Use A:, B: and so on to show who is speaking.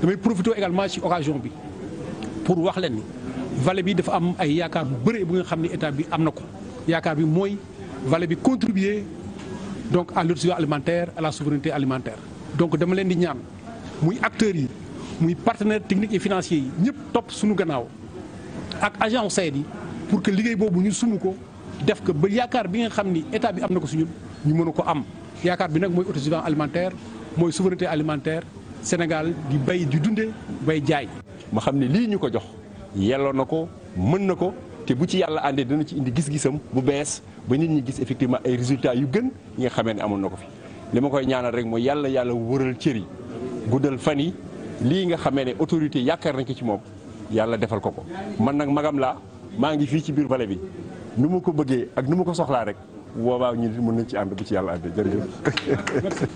A: damay profité également ci occasion bi pour wax leen ni vale bi dafa am ay yaakaar bu bëree bu nga xam ne état bi am na ko yaakaar bi mooy vale bi contribuer donc à l'autosuffisance alimentaire à la souveraineté alimentaire. donc dama leen di ñaan muy acteurs yi muy partenaires technique et financier yi ñëpp topp suñu gannaaw ak agent SAED yi pour que liggéey boobu ñu sumu ko def ko ba yaakaar bi nga xam ni état bi am na ko suñu ñu mën a ko am yaakaar bi nag mooy autosuffisance alimentaire mooy souveraineté alimentaire. Sénégal di bay di dunde bay jaay ma xam ne lii ñu ko jox yelloo na ko
B: mën na ko te bu ci yàlla àndee dana ci indi gis-gisam bu bees ba nit ñi gis effectivement ay résultats yu gën yi nga xamee ne amoon na ko fi li ma koy ñaanal rek mooy yàlla yàlla wëral cër yi guddal fan yi lii nga xamee ne autorité yaakaar nañ ko ci moom yàlla defal ko ko mën nag magam laa maa ngi fii ci biir bale bi nu ma ko bëggee ak nu ma ko soxlaa rek boobaa ñun mën nañ
C: ci ànd ci yàlla àndee